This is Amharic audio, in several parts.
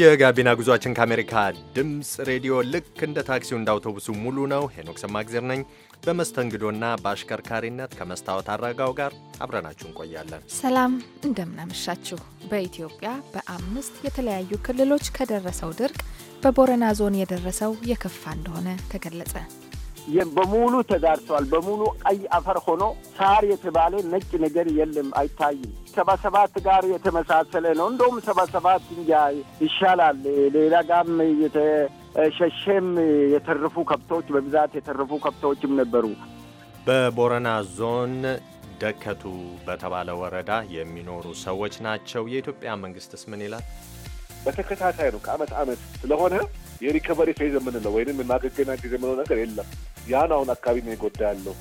የጋቢና ጉዟችን ከአሜሪካ ድምፅ ሬዲዮ ልክ እንደ ታክሲው እንደ አውቶቡሱ ሙሉ ነው። ሄኖክ ሰማግዜር ነኝ። በመስተንግዶና በአሽከርካሪነት ከመስታወት አረጋው ጋር አብረናችሁ እንቆያለን። ሰላም እንደምናመሻችሁ። በኢትዮጵያ በአምስት የተለያዩ ክልሎች ከደረሰው ድርቅ በቦረና ዞን የደረሰው የከፋ እንደሆነ ተገለጸ። በሙሉ ተዳርሰዋል። በሙሉ ቀይ አፈር ሆኖ ሳር የተባለ ነጭ ነገር የለም፣ አይታይም። ሰባሰባት ጋር የተመሳሰለ ነው። እንደውም ሰባሰባት እንጃ ይሻላል። ሌላ ጋም የተሸሸም የተረፉ ከብቶች በብዛት የተረፉ ከብቶችም ነበሩ። በቦረና ዞን ደከቱ በተባለ ወረዳ የሚኖሩ ሰዎች ናቸው። የኢትዮጵያ መንግስትስ ምን ይላል? በተከታታይ ነው ከአመት አመት ስለሆነ የሪከቨሪ ፌዝ የምንለው ወይም የማገገና ጊዜ የምለው ነገር የለም። ያን አሁን አካባቢ ነው የጎዳ ያለው።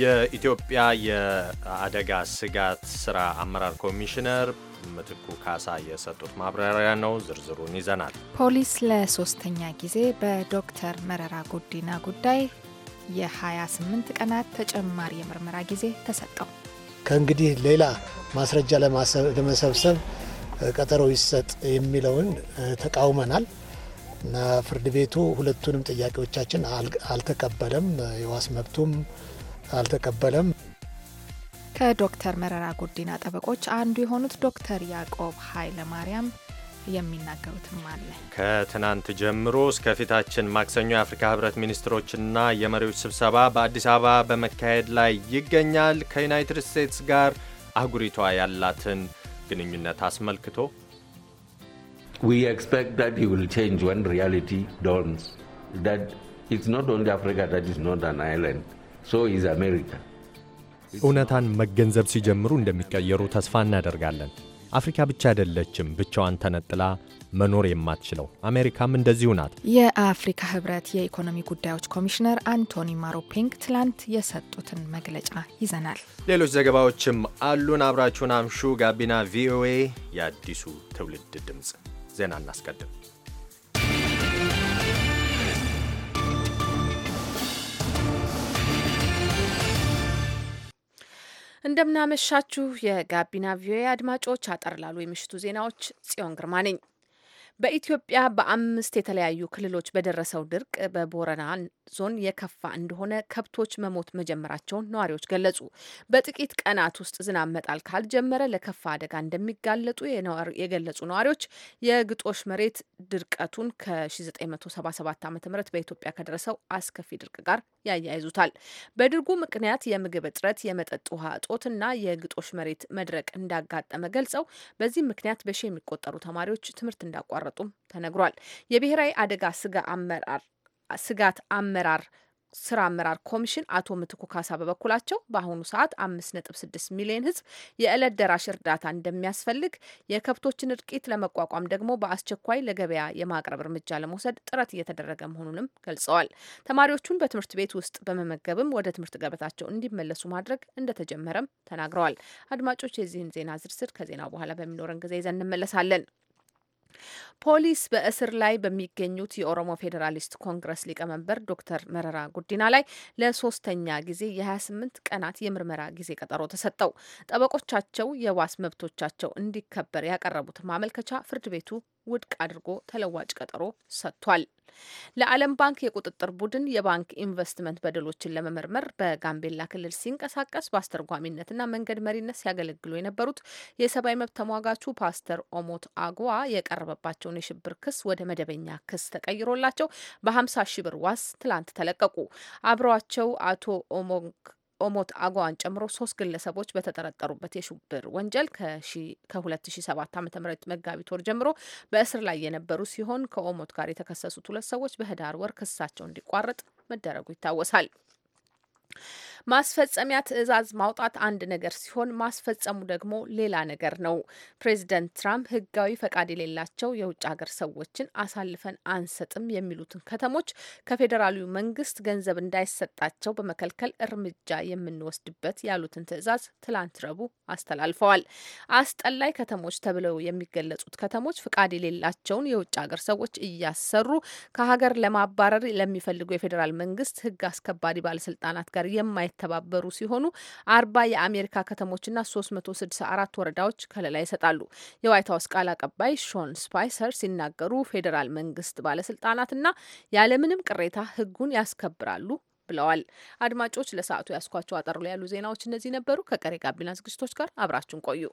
የኢትዮጵያ የአደጋ ስጋት ስራ አመራር ኮሚሽነር ምትኩ ካሳ የሰጡት ማብራሪያ ነው። ዝርዝሩን ይዘናል። ፖሊስ ለሶስተኛ ጊዜ በዶክተር መረራ ጉዲና ጉዳይ የ28 ቀናት ተጨማሪ የምርመራ ጊዜ ተሰጠው። ከእንግዲህ ሌላ ማስረጃ ለመሰብሰብ ቀጠሮ ይሰጥ የሚለውን ተቃውመናል። እና ፍርድ ቤቱ ሁለቱንም ጥያቄዎቻችን አልተቀበለም፣ የዋስ መብቱም አልተቀበለም። ከዶክተር መረራ ጉዲና ጠበቆች አንዱ የሆኑት ዶክተር ያዕቆብ ኃይለ ማርያም የሚናገሩትም አለ። ከትናንት ጀምሮ እስከፊታችን ማክሰኞ የአፍሪካ ህብረት ሚኒስትሮችና የመሪዎች ስብሰባ በአዲስ አበባ በመካሄድ ላይ ይገኛል። ከዩናይትድ ስቴትስ ጋር አህጉሪቷ ያላትን ግንኙነት አስመልክቶ We expect that he will change when reality dawns. That it's not only Africa that is not an island, so is America. እውነታን መገንዘብ ሲጀምሩ እንደሚቀየሩ ተስፋ እናደርጋለን። አፍሪካ ብቻ አይደለችም ብቻዋን ተነጥላ መኖር የማትችለው አሜሪካም እንደዚሁ ናት። የአፍሪካ ህብረት የኢኮኖሚ ጉዳዮች ኮሚሽነር አንቶኒ ማሮፔንግ ትላንት የሰጡትን መግለጫ ይዘናል። ሌሎች ዘገባዎችም አሉን። አብራችሁን አምሹ። ጋቢና ቪኦኤ የአዲሱ ትውልድ ድምፅ ዜና እናስቀድም። እንደምናመሻችሁ የጋቢና ቪኦኤ አድማጮች፣ አጠር ላሉ የምሽቱ ዜናዎች ጽዮን ግርማ ነኝ። በኢትዮጵያ በአምስት የተለያዩ ክልሎች በደረሰው ድርቅ በቦረና ዞን የከፋ እንደሆነ ከብቶች መሞት መጀመራቸውን ነዋሪዎች ገለጹ። በጥቂት ቀናት ውስጥ ዝናብ መጣል ካልጀመረ ለከፋ አደጋ እንደሚጋለጡ የገለጹ ነዋሪዎች የግጦሽ መሬት ድርቀቱን ከ1977 ዓ.ም በኢትዮጵያ ከደረሰው አስከፊ ድርቅ ጋር ያያይዙታል። በድርጉ ምክንያት የምግብ እጥረት፣ የመጠጥ ውሃ እና የግጦሽ መሬት መድረቅ እንዳጋጠመ ገልጸው በዚህ ምክንያት በሺ የሚቆጠሩ ተማሪዎች ትምህርት እንዳቋረ እንዳቋረጡም ተነግሯል። የብሔራዊ አደጋ ስጋት አመራር ስራ አመራር ኮሚሽን አቶ ምትኩ ካሳ በበኩላቸው በአሁኑ ሰዓት አምስት ነጥብ ስድስት ሚሊዮን ህዝብ የዕለት ደራሽ እርዳታ እንደሚያስፈልግ የከብቶችን እርቂት ለመቋቋም ደግሞ በአስቸኳይ ለገበያ የማቅረብ እርምጃ ለመውሰድ ጥረት እየተደረገ መሆኑንም ገልጸዋል። ተማሪዎቹን በትምህርት ቤት ውስጥ በመመገብም ወደ ትምህርት ገበታቸው እንዲመለሱ ማድረግ እንደተጀመረም ተናግረዋል። አድማጮች የዚህን ዜና ዝርዝር ከዜናው በኋላ በሚኖረን ጊዜ ይዘን እንመለሳለን። ፖሊስ በእስር ላይ በሚገኙት የኦሮሞ ፌዴራሊስት ኮንግረስ ሊቀመንበር ዶክተር መረራ ጉዲና ላይ ለሶስተኛ ጊዜ የ28 ቀናት የምርመራ ጊዜ ቀጠሮ ተሰጠው። ጠበቆቻቸው የዋስ መብቶቻቸው እንዲከበር ያቀረቡት ማመልከቻ ፍርድ ቤቱ ውድቅ አድርጎ ተለዋጭ ቀጠሮ ሰጥቷል። ለዓለም ባንክ የቁጥጥር ቡድን የባንክ ኢንቨስትመንት በደሎችን ለመመርመር በጋምቤላ ክልል ሲንቀሳቀስ በአስተርጓሚነትና መንገድ መሪነት ሲያገለግሉ የነበሩት የሰብአዊ መብት ተሟጋቹ ፓስተር ኦሞት አግዋ የቀረበባቸውን የሽብር ክስ ወደ መደበኛ ክስ ተቀይሮላቸው በ50 ሺ ብር ዋስ ትላንት ተለቀቁ። አብረዋቸው አቶ ኦሞንግ ኦሞት አጓን ጨምሮ ሶስት ግለሰቦች በተጠረጠሩበት የሽብር ወንጀል ከ2007 ዓ ም መጋቢት ወር ጀምሮ በእስር ላይ የነበሩ ሲሆን ከኦሞት ጋር የተከሰሱት ሁለት ሰዎች በህዳር ወር ክሳቸው እንዲቋረጥ መደረጉ ይታወሳል። ማስፈጸሚያ ትዕዛዝ ማውጣት አንድ ነገር ሲሆን ማስፈጸሙ ደግሞ ሌላ ነገር ነው። ፕሬዚደንት ትራምፕ ህጋዊ ፈቃድ የሌላቸው የውጭ ሀገር ሰዎችን አሳልፈን አንሰጥም የሚሉትን ከተሞች ከፌዴራሉ መንግስት ገንዘብ እንዳይሰጣቸው በመከልከል እርምጃ የምንወስድበት ያሉትን ትዕዛዝ ትላንት ረቡዕ አስተላልፈዋል። አስጠላይ ከተሞች ተብለው የሚገለጹት ከተሞች ፈቃድ የሌላቸውን የውጭ ሀገር ሰዎች እያሰሩ ከሀገር ለማባረር ለሚፈልጉ የፌዴራል መንግስት ህግ አስከባሪ ባለስልጣናት ጋር የማይ የተባበሩ ሲሆኑ አርባ የአሜሪካ ከተሞችና ሶስት መቶ ስድሳ አራት ወረዳዎች ከለላ ይሰጣሉ። የዋይት ሀውስ ቃል አቀባይ ሾን ስፓይሰር ሲናገሩ ፌዴራል መንግስት ባለስልጣናትና ያለምንም ቅሬታ ህጉን ያስከብራሉ ብለዋል። አድማጮች ለሰዓቱ ያስኳቸው አጠር ያሉ ዜናዎች እነዚህ ነበሩ። ከቀሪ ጋቢና ዝግጅቶች ጋር አብራችሁን ቆዩ።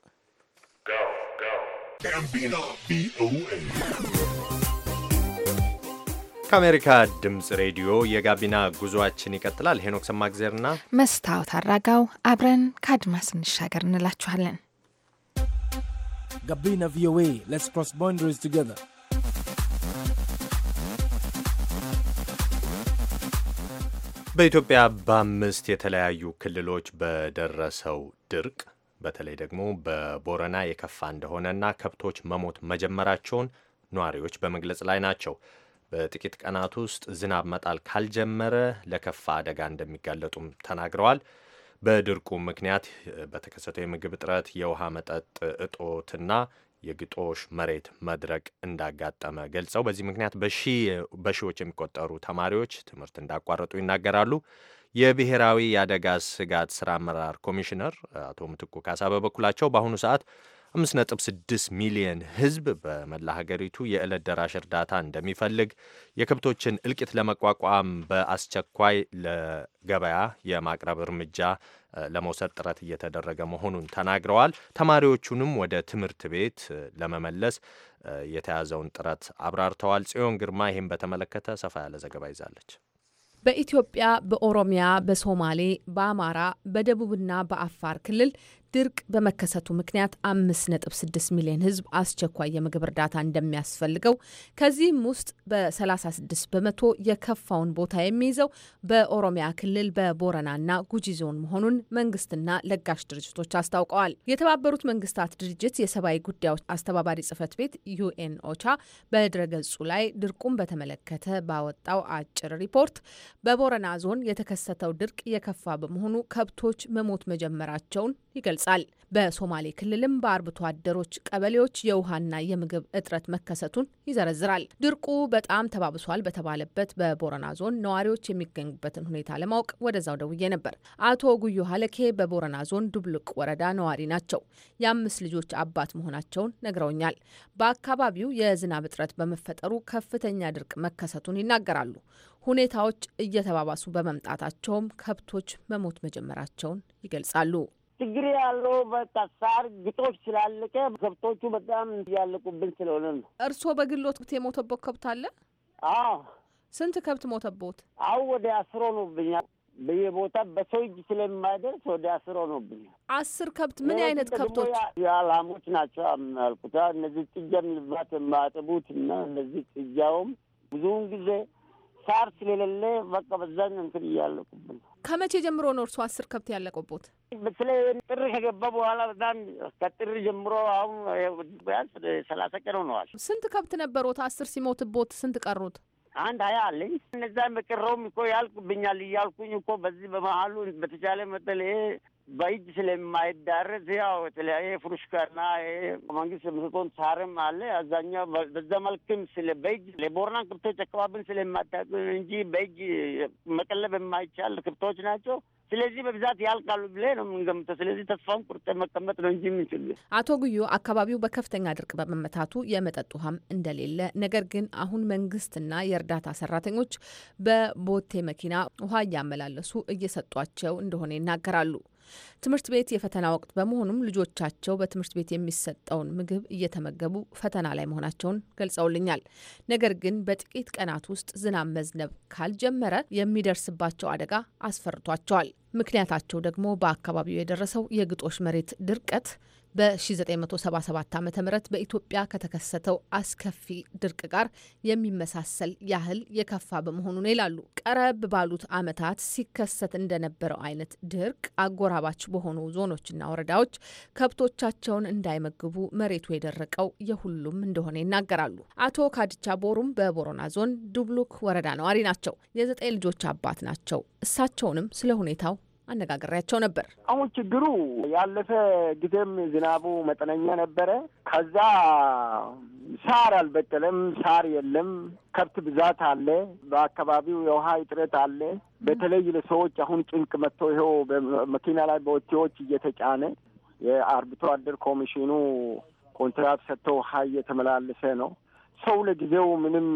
ከአሜሪካ ድምፅ ሬዲዮ የጋቢና ጉዞአችን ይቀጥላል። ሄኖክ ሰማግዜርና መስታወት አራጋው አብረን ከአድማስ እንሻገር እንላችኋለን። ጋቢና ቪኦኤ ሌትስ ክሮስ ቦንደሪስ ቱጌዘር በኢትዮጵያ በአምስት የተለያዩ ክልሎች በደረሰው ድርቅ በተለይ ደግሞ በቦረና የከፋ እንደሆነና ከብቶች መሞት መጀመራቸውን ነዋሪዎች በመግለጽ ላይ ናቸው። በጥቂት ቀናት ውስጥ ዝናብ መጣል ካልጀመረ ለከፋ አደጋ እንደሚጋለጡም ተናግረዋል። በድርቁ ምክንያት በተከሰተው የምግብ እጥረት፣ የውሃ መጠጥ እጦትና የግጦሽ መሬት መድረቅ እንዳጋጠመ ገልጸው በዚህ ምክንያት በሺዎች የሚቆጠሩ ተማሪዎች ትምህርት እንዳቋረጡ ይናገራሉ። የብሔራዊ የአደጋ ስጋት ስራ አመራር ኮሚሽነር አቶ ምትኩ ካሳ በበኩላቸው በአሁኑ ሰዓት 5.6 ሚሊየን ህዝብ በመላ ሀገሪቱ የዕለት ደራሽ እርዳታ እንደሚፈልግ የከብቶችን እልቂት ለመቋቋም በአስቸኳይ ለገበያ የማቅረብ እርምጃ ለመውሰድ ጥረት እየተደረገ መሆኑን ተናግረዋል። ተማሪዎቹንም ወደ ትምህርት ቤት ለመመለስ የተያዘውን ጥረት አብራርተዋል። ጽዮን ግርማ ይህን በተመለከተ ሰፋ ያለ ዘገባ ይዛለች። በኢትዮጵያ፣ በኦሮሚያ፣ በሶማሌ፣ በአማራ፣ በደቡብና በአፋር ክልል ድርቅ በመከሰቱ ምክንያት 5.6 ሚሊዮን ሕዝብ አስቸኳይ የምግብ እርዳታ እንደሚያስፈልገው ከዚህም ውስጥ በ36 በመቶ የከፋውን ቦታ የሚይዘው በኦሮሚያ ክልል በቦረናና ጉጂ ዞን መሆኑን መንግስትና ለጋሽ ድርጅቶች አስታውቀዋል። የተባበሩት መንግስታት ድርጅት የሰብአዊ ጉዳዮች አስተባባሪ ጽህፈት ቤት ዩኤን ኦቻ በድረገጹ ላይ ድርቁን በተመለከተ ባወጣው አጭር ሪፖርት በቦረና ዞን የተከሰተው ድርቅ የከፋ በመሆኑ ከብቶች መሞት መጀመራቸውን ይገልጻል። በሶማሌ ክልልም በአርብቶ አደሮች ቀበሌዎች የውሃና የምግብ እጥረት መከሰቱን ይዘረዝራል። ድርቁ በጣም ተባብሷል በተባለበት በቦረና ዞን ነዋሪዎች የሚገኙበትን ሁኔታ ለማወቅ ወደዛው ደውዬ ነበር። አቶ ጉዮ ሀለኬ በቦረና ዞን ዱብልቅ ወረዳ ነዋሪ ናቸው። የአምስት ልጆች አባት መሆናቸውን ነግረውኛል። በአካባቢው የዝናብ እጥረት በመፈጠሩ ከፍተኛ ድርቅ መከሰቱን ይናገራሉ። ሁኔታዎች እየተባባሱ በመምጣታቸውም ከብቶች መሞት መጀመራቸውን ይገልጻሉ። ችግር ያለው በቃ ሳር ግጦሽ ስላለቀ ከብቶቹ በጣም እያለቁብን ስለሆነ ነው። እርስዎ በግሎት የሞተቦት ከብት አለ? አዎ። ስንት ከብት ሞተቦት? አሁ ወደ አስሮ ነው ብኛል በየቦታ በሰው እጅ ስለማይደርስ ወደ አስሮ ነው ብኛል። አስር ከብት ምን አይነት ከብቶች? የላሞች ናቸው ያልኩት እነዚህ ጥጃ ልባት የማያጥቡት እና እነዚህ ጥጃውም ብዙውን ጊዜ ሳር ስለሌለ በቃ በዛኝ እንትን እያለቁብን። ከመቼ ጀምሮ ነው እርሶ አስር ከብት ያለቁቦት? በተለይ ጥር ከገባ በኋላ በጣም ከጥር ጀምሮ አሁን ቢያንስ ሰላሳ ቀን ሆነዋል። ስንት ከብት ነበሮት? አስር ሲሞትቦት ስንት ቀሩት? አንድ ሀያ አለኝ። እነዛ በቀረውም እኮ ያልቁብኛል እያልኩኝ እኮ በዚህ በመሀሉ በተቻለ መጠን በእጅ ስለማይዳረስ ያው የተለያየ ፍሩሽካና መንግስት ምስቶን ሳርም አለ አብዛኛው በዛ መልክም ስለ በእጅ ለቦርና ክብቶች አካባቢን ስለማታውቅ እንጂ በእጅ መቀለብ የማይቻል ክብቶች ናቸው። ስለዚህ በብዛት ያልቃሉ ብለ ነው የምንገምተው። ስለዚህ ተስፋን ቁርጠ መቀመጥ ነው እንጂ የምንችል። አቶ ጉዮ አካባቢው በከፍተኛ ድርቅ በመመታቱ የመጠጥ ውሃም እንደሌለ፣ ነገር ግን አሁን መንግስትና የእርዳታ ሰራተኞች በቦቴ መኪና ውሃ እያመላለሱ እየሰጧቸው እንደሆነ ይናገራሉ። ትምህርት ቤት የፈተና ወቅት በመሆኑም ልጆቻቸው በትምህርት ቤት የሚሰጠውን ምግብ እየተመገቡ ፈተና ላይ መሆናቸውን ገልጸውልኛል። ነገር ግን በጥቂት ቀናት ውስጥ ዝናብ መዝነብ ካልጀመረ የሚደርስባቸው አደጋ አስፈርቷቸዋል። ምክንያታቸው ደግሞ በአካባቢው የደረሰው የግጦሽ መሬት ድርቀት በ1977 ዓ ም በኢትዮጵያ ከተከሰተው አስከፊ ድርቅ ጋር የሚመሳሰል ያህል የከፋ በመሆኑ ነው ይላሉ። ቀረብ ባሉት ዓመታት ሲከሰት እንደነበረው አይነት ድርቅ አጎራባች በሆኑ ዞኖችና ወረዳዎች ከብቶቻቸውን እንዳይመግቡ መሬቱ የደረቀው የሁሉም እንደሆነ ይናገራሉ። አቶ ካድቻ ቦሩም በቦሮና ዞን ዱብሉክ ወረዳ ነዋሪ ናቸው። የዘጠኝ ልጆች አባት ናቸው። እሳቸውንም ስለ ሁኔታው አነጋግሬያቸው ነበር። አሁን ችግሩ ያለፈ ጊዜም ዝናቡ መጠነኛ ነበረ። ከዛ ሳር አልበቀለም፣ ሳር የለም። ከብት ብዛት አለ፣ በአካባቢው የውሃ እጥረት አለ። በተለይ ለሰዎች አሁን ጭንቅ መጥቶ ይኸው በመኪና ላይ በወቴዎች እየተጫነ የአርብቶ አደር ኮሚሽኑ ኮንትራት ሰጥቶ ውሃ እየተመላለሰ ነው። ሰው ለጊዜው ምንም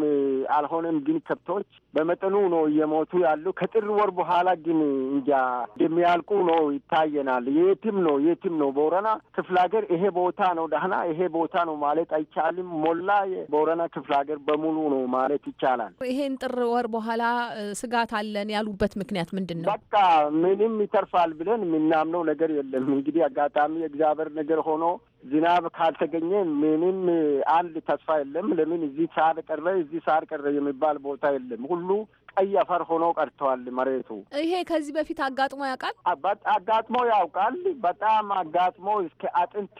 አልሆነም፣ ግን ከብቶች በመጠኑ ነው እየሞቱ ያሉ። ከጥር ወር በኋላ ግን እንጃ እንደሚያልቁ ነው ይታየናል። የትም ነው የትም ነው በወረና ክፍለ ሀገር ይሄ ቦታ ነው ዳህና ይሄ ቦታ ነው ማለት አይቻልም። ሞላ በወረና ክፍለ ሀገር በሙሉ ነው ማለት ይቻላል። ይሄን ጥር ወር በኋላ ስጋት አለን ያሉበት ምክንያት ምንድን ነው? በቃ ምንም ይተርፋል ብለን የምናምነው ነገር የለም። እንግዲህ አጋጣሚ የእግዚአብሔር ነገር ሆኖ ዝናብ ካልተገኘ ምንም አንድ ተስፋ የለም። ለምን እዚህ ሳር ቀረ፣ እዚህ ሳር ቀረ የሚባል ቦታ የለም። ሁሉ ቀይ አፈር ሆኖ ቀርተዋል መሬቱ። ይሄ ከዚህ በፊት አጋጥሞ ያውቃል? አጋጥሞ ያውቃል። በጣም አጋጥሞ እስከ አጥንት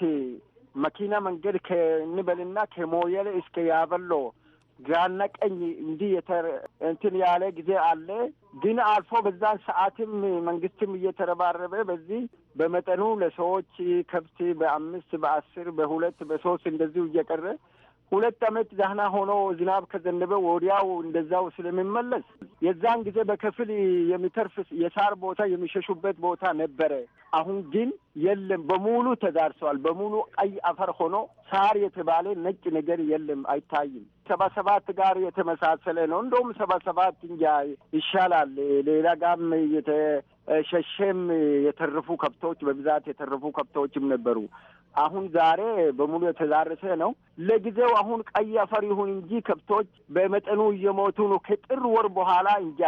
መኪና መንገድ ከንበልና ከሞየል እስከ ያበሎ ግራና ቀኝ እንዲህ እንትን ያለ ጊዜ አለ። ግን አልፎ በዛን ሰዓትም መንግስትም እየተረባረበ በዚህ በመጠኑ ለሰዎች ከብት በአምስት በአስር በሁለት በሶስት እንደዚሁ እየቀረ ሁለት ዓመት ዛህና ሆኖ ዝናብ ከዘነበ ወዲያው እንደዛው ስለሚመለስ የዛን ጊዜ በከፊል የሚተርፍ የሳር ቦታ የሚሸሹበት ቦታ ነበረ። አሁን ግን የለም፣ በሙሉ ተዳርሰዋል። በሙሉ ቀይ አፈር ሆኖ ሳር የተባለ ነጭ ነገር የለም፣ አይታይም። ሰባ ሰባት ጋር የተመሳሰለ ነው። እንደውም ሰባ ሰባት እንጃ ይሻላል። ሌላ ጋም ሸሼም የተረፉ ከብቶች በብዛት የተረፉ ከብቶችም ነበሩ። አሁን ዛሬ በሙሉ የተዛረሰ ነው። ለጊዜው አሁን ቀይ አፈር ይሁን እንጂ ከብቶች በመጠኑ እየሞቱ ነው። ከጥር ወር በኋላ እንጃ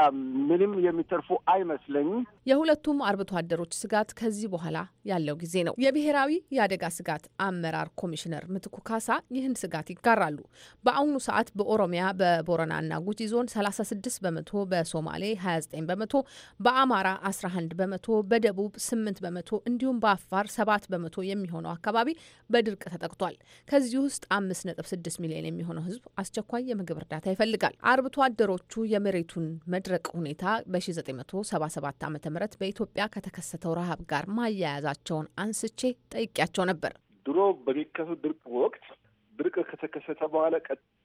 ምንም የሚተርፉ አይመስለኝም። የሁለቱም አርብቶ አደሮች ስጋት ከዚህ በኋላ ያለው ጊዜ ነው። የብሔራዊ የአደጋ ስጋት አመራር ኮሚሽነር ምትኩ ካሳ ይህን ስጋት ይጋራሉ። በአሁኑ ሰዓት በኦሮሚያ በቦረናና ጉጂ ዞን 36 በመቶ፣ በሶማሌ 29 በመቶ፣ በአማራ 11 በመቶ፣ በደቡብ 8 በመቶ እንዲሁም በአፋር 7 በመቶ የሚሆነው አካባቢ በድርቅ ተጠቅቷል። ከዚህ ውስጥ 5.6 ሚሊዮን የሚሆነው ህዝብ አስቸኳይ የምግብ እርዳታ ይፈልጋል። አርብቶ አደሮቹ የመሬቱን መድረቅ ሁኔታ በ1977 ዓ ም በኢትዮጵያ ከተከሰተው ረሃብ ጋር ማያያዛቸውን አንስቼ ጠይቄያቸው ነበር። ድሮ በሚከሱ ድርቅ ወቅት ድርቅ ከተከሰተ በኋላ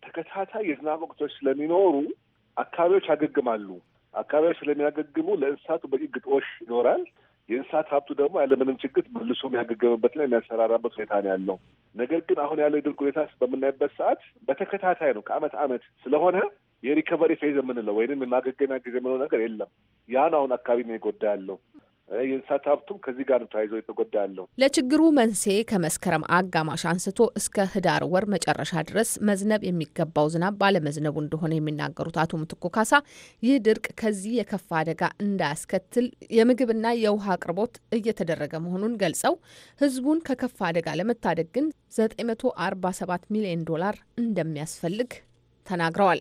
ተከታታይ የዝናብ ወቅቶች ስለሚኖሩ አካባቢዎች ያገግማሉ። አካባቢ ስለሚያገግሙ ለእንስሳቱ በቂ ግጦሽ ይኖራል። የእንስሳት ሀብቱ ደግሞ ያለምንም ችግር መልሶ የሚያገገምበትና የሚያሰራራበት ሁኔታ ነው ያለው። ነገር ግን አሁን ያለው የድርቅ ሁኔታ በምናይበት ሰዓት በተከታታይ ነው ከአመት አመት ስለሆነ የሪከቨሪ ፌዝ የምንለው ወይም የማገገሚያ ጊዜ የምለው ነገር የለም። ያን አሁን አካባቢ ነው የጎዳ ያለው። የእንስሳት ሀብቱም ከዚህ ጋር ተያይዞ የተጎዳ ያለው። ለችግሩ መንስኤ ከመስከረም አጋማሽ አንስቶ እስከ ህዳር ወር መጨረሻ ድረስ መዝነብ የሚገባው ዝናብ ባለመዝነቡ እንደሆነ የሚናገሩት አቶ ምትኩ ካሳ ይህ ድርቅ ከዚህ የከፋ አደጋ እንዳያስከትል የምግብና የውሃ አቅርቦት እየተደረገ መሆኑን ገልጸው ህዝቡን ከከፋ አደጋ ለመታደግ ግን 947 ሚሊዮን ዶላር እንደሚያስፈልግ ተናግረዋል።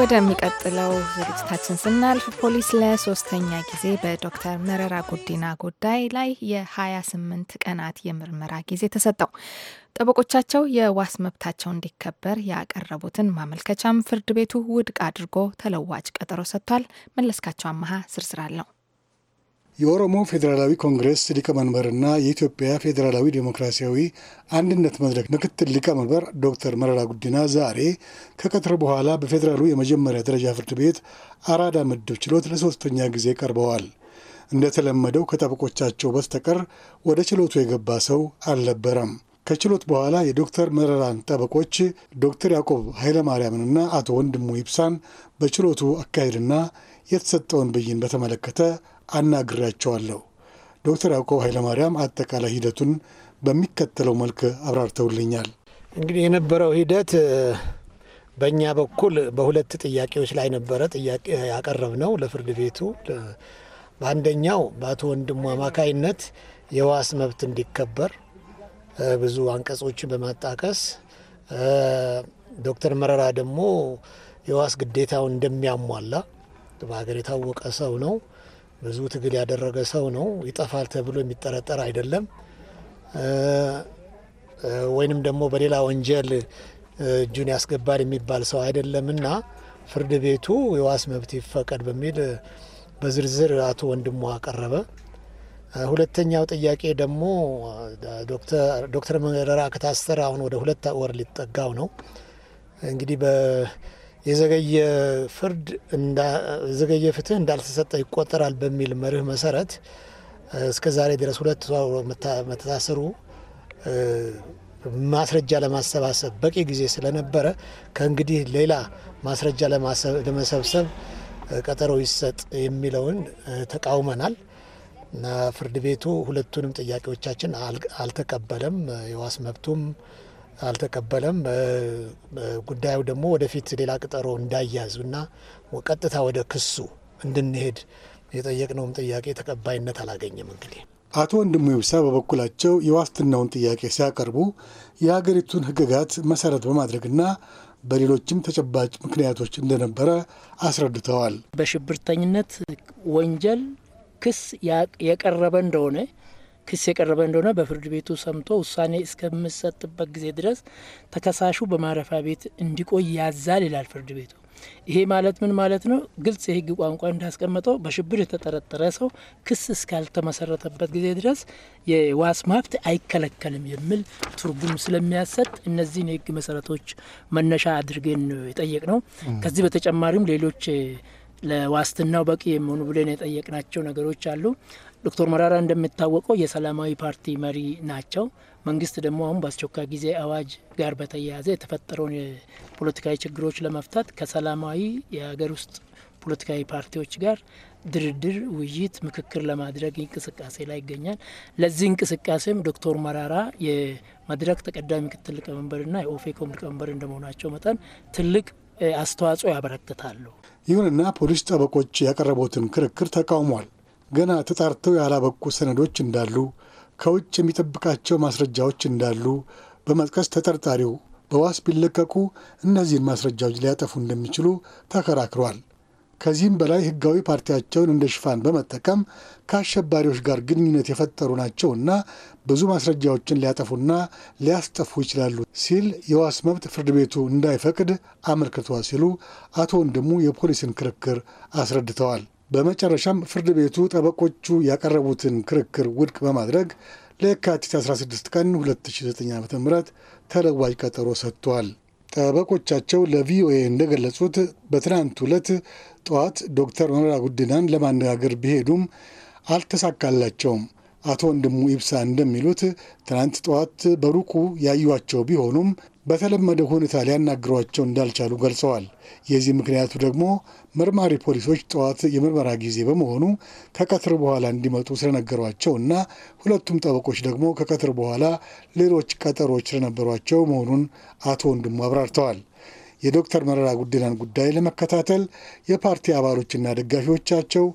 ወደሚቀጥለው ዝግጅታችን ስናልፍ ፖሊስ ለሶስተኛ ጊዜ በዶክተር መረራ ጉዲና ጉዳይ ላይ የ28 ቀናት የምርመራ ጊዜ ተሰጠው። ጠበቆቻቸው የዋስ መብታቸው እንዲከበር ያቀረቡትን ማመልከቻም ፍርድ ቤቱ ውድቅ አድርጎ ተለዋጭ ቀጠሮ ሰጥቷል። መለስካቸው አመሃ ዝርዝር አለው። የኦሮሞ ፌዴራላዊ ኮንግሬስ ሊቀመንበርና የኢትዮጵያ ፌዴራላዊ ዴሞክራሲያዊ አንድነት መድረክ ምክትል ሊቀመንበር ዶክተር መረራ ጉዲና ዛሬ ከቀትር በኋላ በፌዴራሉ የመጀመሪያ ደረጃ ፍርድ ቤት አራዳ ምድብ ችሎት ለሶስተኛ ጊዜ ቀርበዋል። እንደተለመደው ከጠበቆቻቸው በስተቀር ወደ ችሎቱ የገባ ሰው አልነበረም። ከችሎት በኋላ የዶክተር መረራን ጠበቆች ዶክተር ያዕቆብ ኃይለማርያምንና አቶ ወንድሙ ይብሳን በችሎቱ አካሄድና የተሰጠውን ብይን በተመለከተ አናግራቸዋለሁ። ዶክተር ያዕቆብ ኃይለማርያም አጠቃላይ ሂደቱን በሚከተለው መልክ አብራርተውልኛል። እንግዲህ የነበረው ሂደት በእኛ በኩል በሁለት ጥያቄዎች ላይ ነበረ ጥያቄ ያቀረብ ነው ለፍርድ ቤቱ። በአንደኛው በአቶ ወንድሙ አማካይነት የዋስ መብት እንዲከበር ብዙ አንቀጾችን በማጣቀስ ዶክተር መረራ ደግሞ የዋስ ግዴታውን እንደሚያሟላ በሀገር የታወቀ ሰው ነው። ብዙ ትግል ያደረገ ሰው ነው። ይጠፋል ተብሎ የሚጠረጠር አይደለም። ወይንም ደግሞ በሌላ ወንጀል እጁን ያስገባል የሚባል ሰው አይደለም እና ፍርድ ቤቱ የዋስ መብት ይፈቀድ በሚል በዝርዝር አቶ ወንድሙ አቀረበ። ሁለተኛው ጥያቄ ደግሞ ዶክተር መረራ ከታሰረ አሁን ወደ ሁለት ወር ሊጠጋው ነው። እንግዲህ የዘገየ ፍርድ የዘገየ ፍትህ እንዳልተሰጠ ይቆጠራል በሚል መርህ መሰረት እስከ ዛሬ ድረስ ሁለት ሰው መታሰሩ ማስረጃ ለማሰባሰብ በቂ ጊዜ ስለነበረ ከእንግዲህ ሌላ ማስረጃ ለመሰብሰብ ቀጠሮ ይሰጥ የሚለውን ተቃውመናል እና ፍርድ ቤቱ ሁለቱንም ጥያቄዎቻችን አልተቀበለም። የዋስ መብቱም አልተቀበለም። ጉዳዩ ደግሞ ወደፊት ሌላ ቀጠሮ እንዳያዝ እና ቀጥታ ወደ ክሱ እንድንሄድ የጠየቅነውም ጥያቄ ተቀባይነት አላገኘም። እንግዲህ አቶ ወንድሙ ይብሳ በበኩላቸው የዋስትናውን ጥያቄ ሲያቀርቡ የሀገሪቱን ሕግጋት መሰረት በማድረግና በሌሎችም ተጨባጭ ምክንያቶች እንደነበረ አስረድተዋል። በሽብርተኝነት ወንጀል ክስ የቀረበ እንደሆነ ክስ የቀረበ እንደሆነ በፍርድ ቤቱ ሰምቶ ውሳኔ እስከምሰጥበት ጊዜ ድረስ ተከሳሹ በማረፊያ ቤት እንዲቆይ ያዛል ይላል ፍርድ ቤቱ። ይሄ ማለት ምን ማለት ነው? ግልጽ የህግ ቋንቋ እንዳስቀመጠው በሽብር የተጠረጠረ ሰው ክስ እስካልተመሰረተበት ጊዜ ድረስ የዋስ መብት አይከለከልም የሚል ትርጉም ስለሚያሰጥ እነዚህን የህግ መሰረቶች መነሻ አድርገን የጠየቅ ነው። ከዚህ በተጨማሪም ሌሎች ለዋስትናው በቂ የሚሆኑ ብለን የጠየቅናቸው ነገሮች አሉ። ዶክተር መራራ እንደሚታወቀው የሰላማዊ ፓርቲ መሪ ናቸው። መንግስት ደግሞ አሁን በአስቸኳይ ጊዜ አዋጅ ጋር በተያያዘ የተፈጠረውን የፖለቲካዊ ችግሮች ለመፍታት ከሰላማዊ የሀገር ውስጥ ፖለቲካዊ ፓርቲዎች ጋር ድርድር፣ ውይይት፣ ምክክር ለማድረግ እንቅስቃሴ ላይ ይገኛል። ለዚህ እንቅስቃሴም ዶክተር መራራ የመድረክ ተቀዳሚ ምክትል ሊቀመንበርና የኦፌኮም ሊቀመንበር እንደመሆናቸው መጠን ትልቅ አስተዋጽኦ ያበረክታሉ። ይሁንና ፖሊስ ጠበቆች ያቀረቡትን ክርክር ተቃውሟል። ገና ተጣርተው ያላበቁ ሰነዶች እንዳሉ፣ ከውጭ የሚጠብቃቸው ማስረጃዎች እንዳሉ በመጥቀስ ተጠርጣሪው በዋስ ቢለቀቁ እነዚህን ማስረጃዎች ሊያጠፉ እንደሚችሉ ተከራክሯል። ከዚህም በላይ ህጋዊ ፓርቲያቸውን እንደ ሽፋን በመጠቀም ከአሸባሪዎች ጋር ግንኙነት የፈጠሩ ናቸውና ብዙ ማስረጃዎችን ሊያጠፉና ሊያስጠፉ ይችላሉ ሲል የዋስ መብት ፍርድ ቤቱ እንዳይፈቅድ አመልክቷል ሲሉ አቶ ወንድሙ የፖሊስን ክርክር አስረድተዋል። በመጨረሻም ፍርድ ቤቱ ጠበቆቹ ያቀረቡትን ክርክር ውድቅ በማድረግ ለየካቲት 16 ቀን 2009 ዓ ም ተለዋጅ ቀጠሮ ሰጥቷል። ጠበቆቻቸው ለቪኦኤ እንደገለጹት በትናንት ዕለት ጠዋት ዶክተር መረራ ጉዲናን ለማነጋገር ቢሄዱም አልተሳካላቸውም። አቶ ወንድሙ ኢብሳ እንደሚሉት ትናንት ጠዋት በሩቁ ያዩቸው ቢሆኑም በተለመደ ሁኔታ ሊያናግሯቸው እንዳልቻሉ ገልጸዋል። የዚህ ምክንያቱ ደግሞ መርማሪ ፖሊሶች ጠዋት የምርመራ ጊዜ በመሆኑ ከቀትር በኋላ እንዲመጡ ስለነገሯቸው እና ሁለቱም ጠበቆች ደግሞ ከቀትር በኋላ ሌሎች ቀጠሮች ስለነበሯቸው መሆኑን አቶ ወንድሙ አብራርተዋል። የዶክተር መረራ ጉዲናን ጉዳይ ለመከታተል የፓርቲ አባሎችና ደጋፊዎቻቸው፣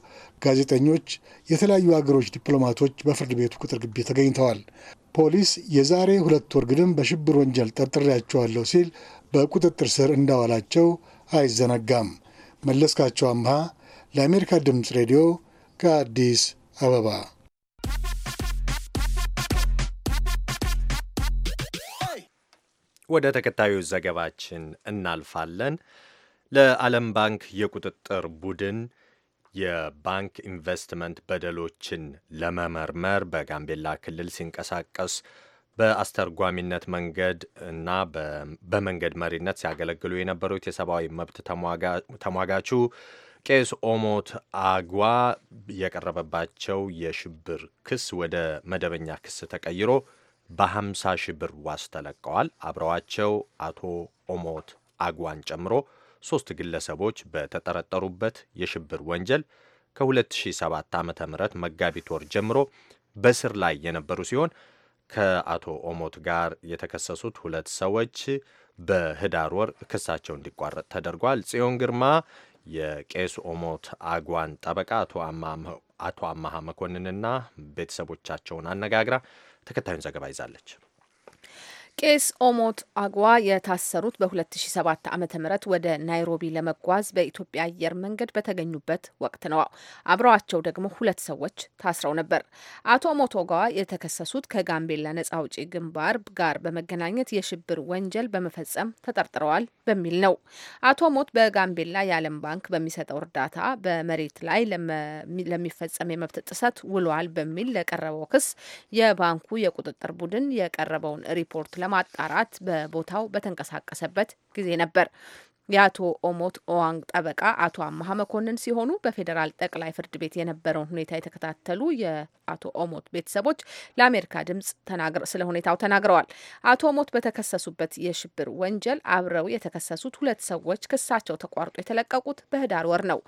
ጋዜጠኞች፣ የተለያዩ አገሮች ዲፕሎማቶች በፍርድ ቤቱ ቅጥር ግቢ ተገኝተዋል። ፖሊስ የዛሬ ሁለት ወር ግድም በሽብር ወንጀል ጠርጥሬያቸዋለሁ ሲል በቁጥጥር ስር እንዳዋላቸው አይዘነጋም። መለስካቸው አምሃ ለአሜሪካ ድምፅ ሬዲዮ ከአዲስ አበባ ወደ ተከታዩ ዘገባችን እናልፋለን። ለዓለም ባንክ የቁጥጥር ቡድን የባንክ ኢንቨስትመንት በደሎችን ለመመርመር በጋምቤላ ክልል ሲንቀሳቀስ በአስተርጓሚነት መንገድ እና በመንገድ መሪነት ሲያገለግሉ የነበሩት የሰብአዊ መብት ተሟጋቹ ቄስ ኦሞት አግዋ የቀረበባቸው የሽብር ክስ ወደ መደበኛ ክስ ተቀይሮ በ50 ሺህ ብር ዋስ ተለቀዋል። አብረዋቸው አቶ ኦሞት አግዋን ጨምሮ ሶስት ግለሰቦች በተጠረጠሩበት የሽብር ወንጀል ከ2007 ዓ ም መጋቢት ወር ጀምሮ በስር ላይ የነበሩ ሲሆን ከአቶ ኦሞት ጋር የተከሰሱት ሁለት ሰዎች በህዳር ወር ክሳቸው እንዲቋረጥ ተደርጓል። ጽዮን ግርማ የቄስ ኦሞት አግዋን ጠበቃ አቶ አማሃ መኮንንና ቤተሰቦቻቸውን አነጋግራ ተከታዩን ዘገባ ይዛለች። ቄስ ኦሞት አግዋ የታሰሩት በ2007 ዓ ም ወደ ናይሮቢ ለመጓዝ በኢትዮጵያ አየር መንገድ በተገኙበት ወቅት ነው። አብረዋቸው ደግሞ ሁለት ሰዎች ታስረው ነበር። አቶ ኦሞት አግዋ የተከሰሱት ከጋምቤላ ነጻ አውጪ ግንባር ጋር በመገናኘት የሽብር ወንጀል በመፈጸም ተጠርጥረዋል በሚል ነው። አቶ ኦሞት በጋምቤላ የዓለም ባንክ በሚሰጠው እርዳታ በመሬት ላይ ለሚፈጸም የመብት ጥሰት ውሏል በሚል ለቀረበው ክስ የባንኩ የቁጥጥር ቡድን የቀረበውን ሪፖርት ለማጣራት በቦታው በተንቀሳቀሰበት ጊዜ ነበር። የአቶ ኦሞት ኦዋንግ ጠበቃ አቶ አመሀ መኮንን ሲሆኑ በፌዴራል ጠቅላይ ፍርድ ቤት የነበረውን ሁኔታ የተከታተሉ የአቶ ኦሞት ቤተሰቦች ለአሜሪካ ድምጽ ስለ ሁኔታው ተናግረዋል። አቶ ኦሞት በተከሰሱበት የሽብር ወንጀል አብረው የተከሰሱት ሁለት ሰዎች ክሳቸው ተቋርጦ የተለቀቁት በህዳር ወር ነው።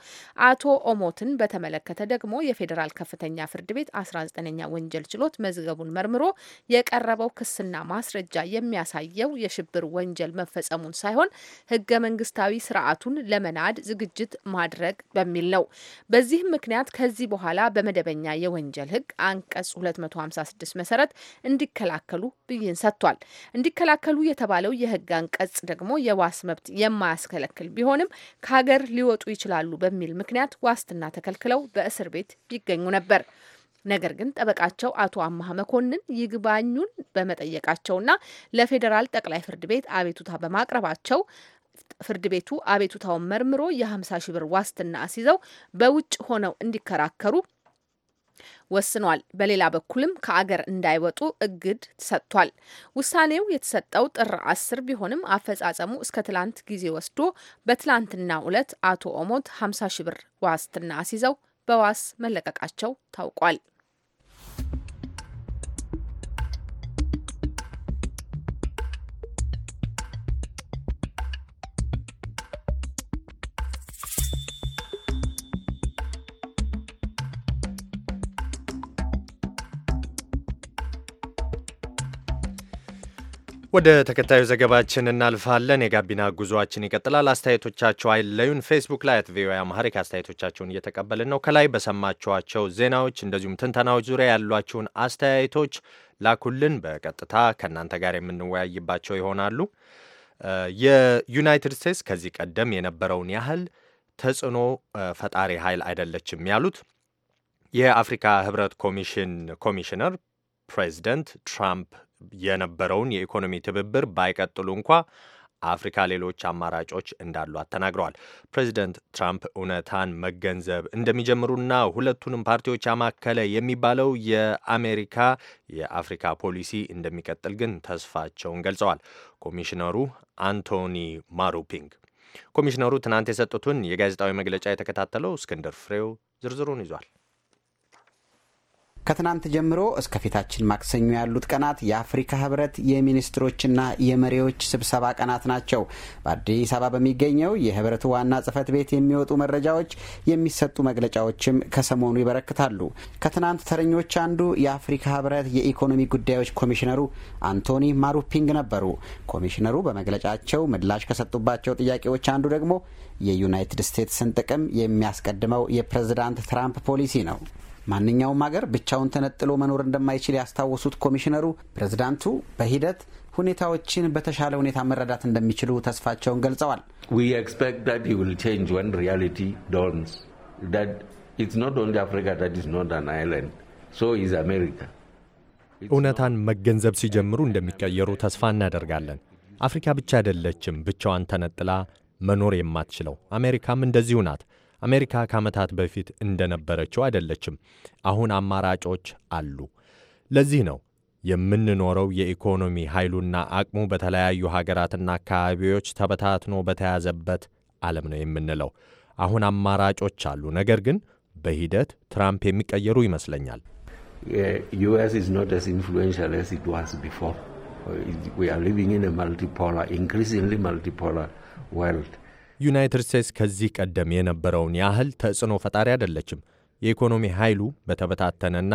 አቶ ኦሞትን በተመለከተ ደግሞ የፌዴራል ከፍተኛ ፍርድ ቤት 19 ዘጠነኛ ወንጀል ችሎት መዝገቡን መርምሮ የቀረበው ክስና ማስረጃ የሚያሳየው የሽብር ወንጀል መፈጸሙን ሳይሆን ህገ መንግስት መንግስታዊ ስርዓቱን ለመናድ ዝግጅት ማድረግ በሚል ነው። በዚህም ምክንያት ከዚህ በኋላ በመደበኛ የወንጀል ህግ አንቀጽ 256 መሰረት እንዲከላከሉ ብይን ሰጥቷል። እንዲከላከሉ የተባለው የህግ አንቀጽ ደግሞ የዋስ መብት የማያስከለክል ቢሆንም ከሀገር ሊወጡ ይችላሉ በሚል ምክንያት ዋስትና ተከልክለው በእስር ቤት ይገኙ ነበር። ነገር ግን ጠበቃቸው አቶ አማሀ መኮንን ይግባኙን በመጠየቃቸውና ለፌዴራል ጠቅላይ ፍርድ ቤት አቤቱታ በማቅረባቸው ፍርድ ቤቱ አቤቱታውን መርምሮ የ50 ሺ ብር ዋስትና አስይዘው በውጭ ሆነው እንዲከራከሩ ወስኗል። በሌላ በኩልም ከአገር እንዳይወጡ እግድ ተሰጥቷል። ውሳኔው የተሰጠው ጥር አስር ቢሆንም አፈጻጸሙ እስከ ትላንት ጊዜ ወስዶ በትላንትና ዕለት አቶ ኦሞት 50 ሺ ብር ዋስትና አስይዘው በዋስ መለቀቃቸው ታውቋል። ወደ ተከታዩ ዘገባችን እናልፋለን። የጋቢና ጉዞአችን ይቀጥላል። አስተያየቶቻቸው አይለዩን። ፌስቡክ ላይ አትቪ አማሪክ አስተያየቶቻቸውን እየተቀበልን ነው። ከላይ በሰማችኋቸው ዜናዎች እንደዚሁም ትንተናዎች ዙሪያ ያሏቸውን አስተያየቶች ላኩልን። በቀጥታ ከእናንተ ጋር የምንወያይባቸው ይሆናሉ። የዩናይትድ ስቴትስ ከዚህ ቀደም የነበረውን ያህል ተጽዕኖ ፈጣሪ ኃይል አይደለችም ያሉት የአፍሪካ ህብረት ኮሚሽን ኮሚሽነር ፕሬዚደንት ትራምፕ የነበረውን የኢኮኖሚ ትብብር ባይቀጥሉ እንኳ አፍሪካ ሌሎች አማራጮች እንዳሏት ተናግረዋል። ፕሬዚደንት ትራምፕ እውነታን መገንዘብ እንደሚጀምሩና ሁለቱንም ፓርቲዎች ያማከለ የሚባለው የአሜሪካ የአፍሪካ ፖሊሲ እንደሚቀጥል ግን ተስፋቸውን ገልጸዋል። ኮሚሽነሩ አንቶኒ ማሩፒንግ ኮሚሽነሩ ትናንት የሰጡትን የጋዜጣዊ መግለጫ የተከታተለው እስክንድር ፍሬው ዝርዝሩን ይዟል። ከትናንት ጀምሮ እስከ ፊታችን ማክሰኞ ያሉት ቀናት የአፍሪካ ህብረት የሚኒስትሮችና የመሪዎች ስብሰባ ቀናት ናቸው። በአዲስ አበባ በሚገኘው የህብረቱ ዋና ጽህፈት ቤት የሚወጡ መረጃዎች፣ የሚሰጡ መግለጫዎችም ከሰሞኑ ይበረክታሉ። ከትናንት ተረኞች አንዱ የአፍሪካ ህብረት የኢኮኖሚ ጉዳዮች ኮሚሽነሩ አንቶኒ ማሩፒንግ ነበሩ። ኮሚሽነሩ በመግለጫቸው ምላሽ ከሰጡባቸው ጥያቄዎች አንዱ ደግሞ የዩናይትድ ስቴትስን ጥቅም የሚያስቀድመው የፕሬዝዳንት ትራምፕ ፖሊሲ ነው። ማንኛውም ሀገር ብቻውን ተነጥሎ መኖር እንደማይችል ያስታወሱት ኮሚሽነሩ ፕሬዝዳንቱ በሂደት ሁኔታዎችን በተሻለ ሁኔታ መረዳት እንደሚችሉ ተስፋቸውን ገልጸዋል። እውነታን መገንዘብ ሲጀምሩ እንደሚቀየሩ ተስፋ እናደርጋለን። አፍሪካ ብቻ አይደለችም ብቻዋን ተነጥላ መኖር የማትችለው፣ አሜሪካም እንደዚሁ ናት። አሜሪካ ከዓመታት በፊት እንደነበረችው አይደለችም። አሁን አማራጮች አሉ። ለዚህ ነው የምንኖረው የኢኮኖሚ ኃይሉና አቅሙ በተለያዩ ሀገራትና አካባቢዎች ተበታትኖ በተያዘበት ዓለም ነው የምንለው። አሁን አማራጮች አሉ። ነገር ግን በሂደት ትራምፕ የሚቀየሩ ይመስለኛል። ዩኤስ ኢዝ ኖት አስ ኢንፍሉዌንሻል አስ ዩናይትድ ስቴትስ ከዚህ ቀደም የነበረውን ያህል ተጽዕኖ ፈጣሪ አይደለችም። የኢኮኖሚ ኃይሉ በተበታተነና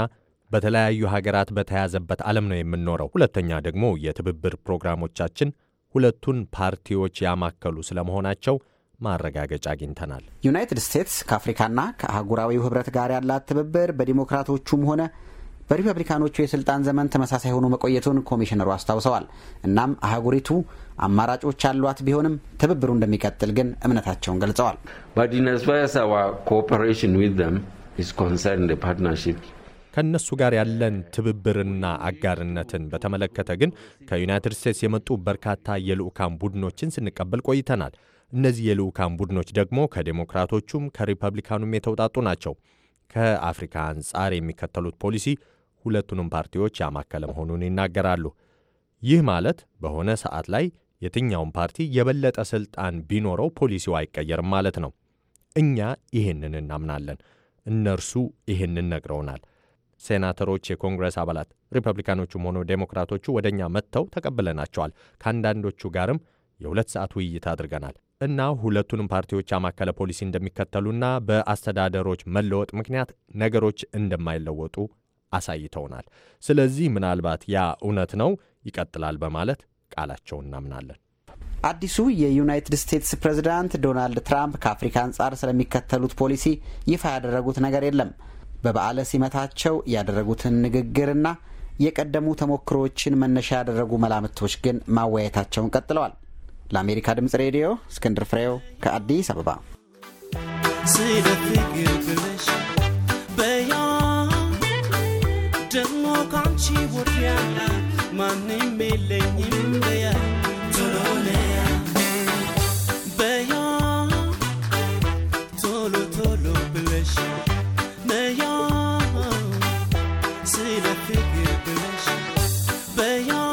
በተለያዩ ሀገራት በተያዘበት ዓለም ነው የምንኖረው። ሁለተኛ ደግሞ የትብብር ፕሮግራሞቻችን ሁለቱን ፓርቲዎች ያማከሉ ስለመሆናቸው ማረጋገጫ አግኝተናል። ዩናይትድ ስቴትስ ከአፍሪካና ከአህጉራዊው ህብረት ጋር ያላት ትብብር በዲሞክራቶቹም ሆነ በሪፐብሊካኖቹ የስልጣን ዘመን ተመሳሳይ ሆኖ መቆየቱን ኮሚሽነሩ አስታውሰዋል። እናም አህጉሪቱ አማራጮች አሏት። ቢሆንም ትብብሩ እንደሚቀጥል ግን እምነታቸውን ገልጸዋል። ከእነሱ ጋር ያለን ትብብርና አጋርነትን በተመለከተ ግን ከዩናይትድ ስቴትስ የመጡ በርካታ የልዑካን ቡድኖችን ስንቀበል ቆይተናል። እነዚህ የልዑካን ቡድኖች ደግሞ ከዴሞክራቶቹም ከሪፐብሊካኑም የተውጣጡ ናቸው። ከአፍሪካ አንጻር የሚከተሉት ፖሊሲ ሁለቱንም ፓርቲዎች ያማከለ መሆኑን ይናገራሉ። ይህ ማለት በሆነ ሰዓት ላይ የትኛውም ፓርቲ የበለጠ ስልጣን ቢኖረው ፖሊሲው አይቀየርም ማለት ነው። እኛ ይህንን እናምናለን። እነርሱ ይህንን ነግረውናል። ሴናተሮች፣ የኮንግረስ አባላት ሪፐብሊካኖቹም ሆኖ ዴሞክራቶቹ ወደ እኛ መጥተው ተቀብለናቸዋል። ከአንዳንዶቹ ጋርም የሁለት ሰዓት ውይይት አድርገናል እና ሁለቱንም ፓርቲዎች ያማከለ ፖሊሲ እንደሚከተሉና በአስተዳደሮች መለወጥ ምክንያት ነገሮች እንደማይለወጡ አሳይተውናል። ስለዚህ ምናልባት ያ እውነት ነው ይቀጥላል በማለት ቃላቸውን እናምናለን። አዲሱ የዩናይትድ ስቴትስ ፕሬዝዳንት ዶናልድ ትራምፕ ከአፍሪካ አንጻር ስለሚከተሉት ፖሊሲ ይፋ ያደረጉት ነገር የለም። በበዓለ ሲመታቸው ያደረጉትን ንግግርና የቀደሙ ተሞክሮዎችን መነሻ ያደረጉ መላምቶች ግን ማወያየታቸውን ቀጥለዋል። ለአሜሪካ ድምፅ ሬዲዮ እስክንድር ፍሬው ከአዲስ አበባ ci wuriya ma ni mele ni mbeya tolone ya beyo tolo tolo pleshi neyo si le fike pleshi beyo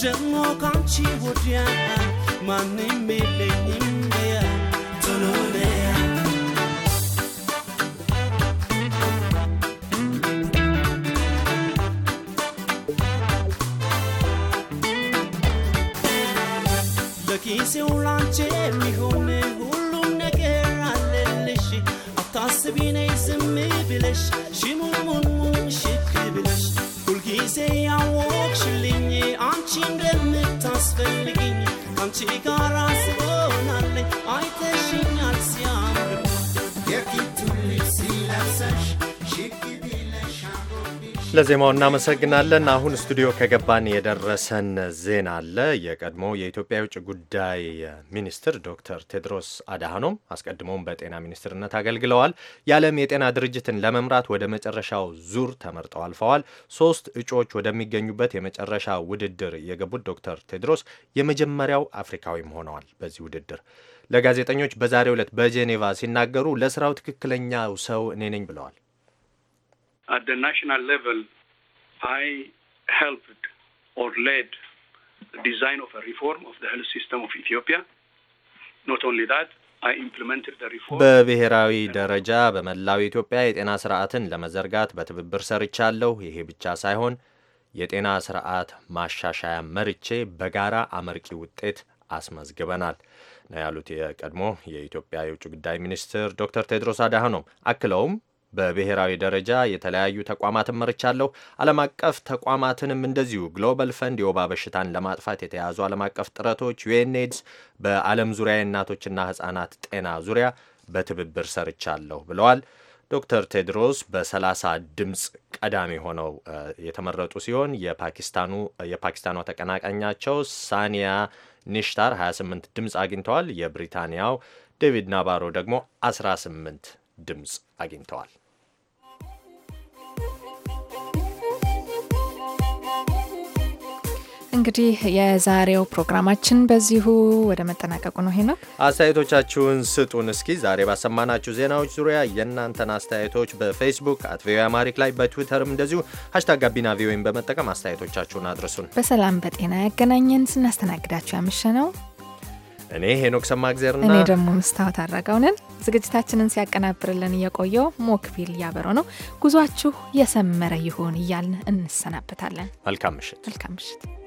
demo kan ci wuriya ma ጊዜውላንቼ የሚሆን ሁሉም ነገር አለልሽ አታስቢ ነይ ዝም ብለሽ ሽሙሙሙን ሽክ ብለሽ ሁልጊዜ ያወቅሽልኝ አንቺ እንደምታስፈልግኝ አንቺ ጋር ለዜማው እናመሰግናለን። አሁን ስቱዲዮ ከገባን የደረሰን ዜና አለ። የቀድሞ የኢትዮጵያ የውጭ ጉዳይ ሚኒስትር ዶክተር ቴድሮስ አድሃኖም አስቀድሞም በጤና ሚኒስትርነት አገልግለዋል። የዓለም የጤና ድርጅትን ለመምራት ወደ መጨረሻው ዙር ተመርጠው አልፈዋል። ሶስት እጩዎች ወደሚገኙበት የመጨረሻ ውድድር የገቡት ዶክተር ቴድሮስ የመጀመሪያው አፍሪካዊም ሆነዋል። በዚህ ውድድር ለጋዜጠኞች በዛሬው ዕለት በጄኔቫ ሲናገሩ ለስራው ትክክለኛው ሰው እኔ ነኝ ብለዋል። at the national level, I helped or led the design of a reform of the health system of Ethiopia. Not only that, በብሔራዊ ደረጃ በመላው ኢትዮጵያ የጤና ስርዓትን ለመዘርጋት በትብብር ሰርቻለሁ። ይሄ ብቻ ሳይሆን የጤና ስርዓት ማሻሻያ መርቼ በጋራ አመርቂ ውጤት አስመዝግበናል ነው ያሉት የቀድሞ የኢትዮጵያ የውጭ ጉዳይ ሚኒስትር ዶክተር ቴድሮስ አድሃኖም አክለውም በብሔራዊ ደረጃ የተለያዩ ተቋማትን መርቻለሁ። ዓለም አቀፍ ተቋማትንም እንደዚሁ ግሎባል ፈንድ የወባ በሽታን ለማጥፋት የተያዙ ዓለም አቀፍ ጥረቶች፣ ዩኤንኤድስ፣ በዓለም ዙሪያ የእናቶችና ሕፃናት ጤና ዙሪያ በትብብር ሰርቻለሁ ብለዋል። ዶክተር ቴድሮስ በ30 ድምፅ ቀዳሚ ሆነው የተመረጡ ሲሆን የፓኪስታኑ የፓኪስታኗ ተቀናቃኛቸው ሳኒያ ኒሽታር 28 ድምፅ አግኝተዋል። የብሪታንያው ዴቪድ ናባሮ ደግሞ 18 ድምፅ አግኝተዋል። እንግዲህ የዛሬው ፕሮግራማችን በዚሁ ወደ መጠናቀቁ ነው። ሄኖክ አስተያየቶቻችሁን ስጡን። እስኪ ዛሬ ባሰማናችሁ ዜናዎች ዙሪያ የእናንተን አስተያየቶች በፌስቡክ አት ቪኦኤ አማሪክ ላይ በትዊተርም እንደዚሁ ሀሽታግ ጋቢና ቪኦኤን በመጠቀም አስተያየቶቻችሁን አድርሱን። በሰላም በጤና ያገናኘን። ስናስተናግዳችሁ ያመሸ ነው እኔ ሄኖክ ሰማ እኔ ደግሞ መስታወት አድረገው ነን። ዝግጅታችንን ሲያቀናብርልን እየቆየው ሞክቢል ያበረው ነው። ጉዟችሁ የሰመረ ይሁን እያልን እንሰናበታለን። መልካም ምሽት። መልካም ምሽት።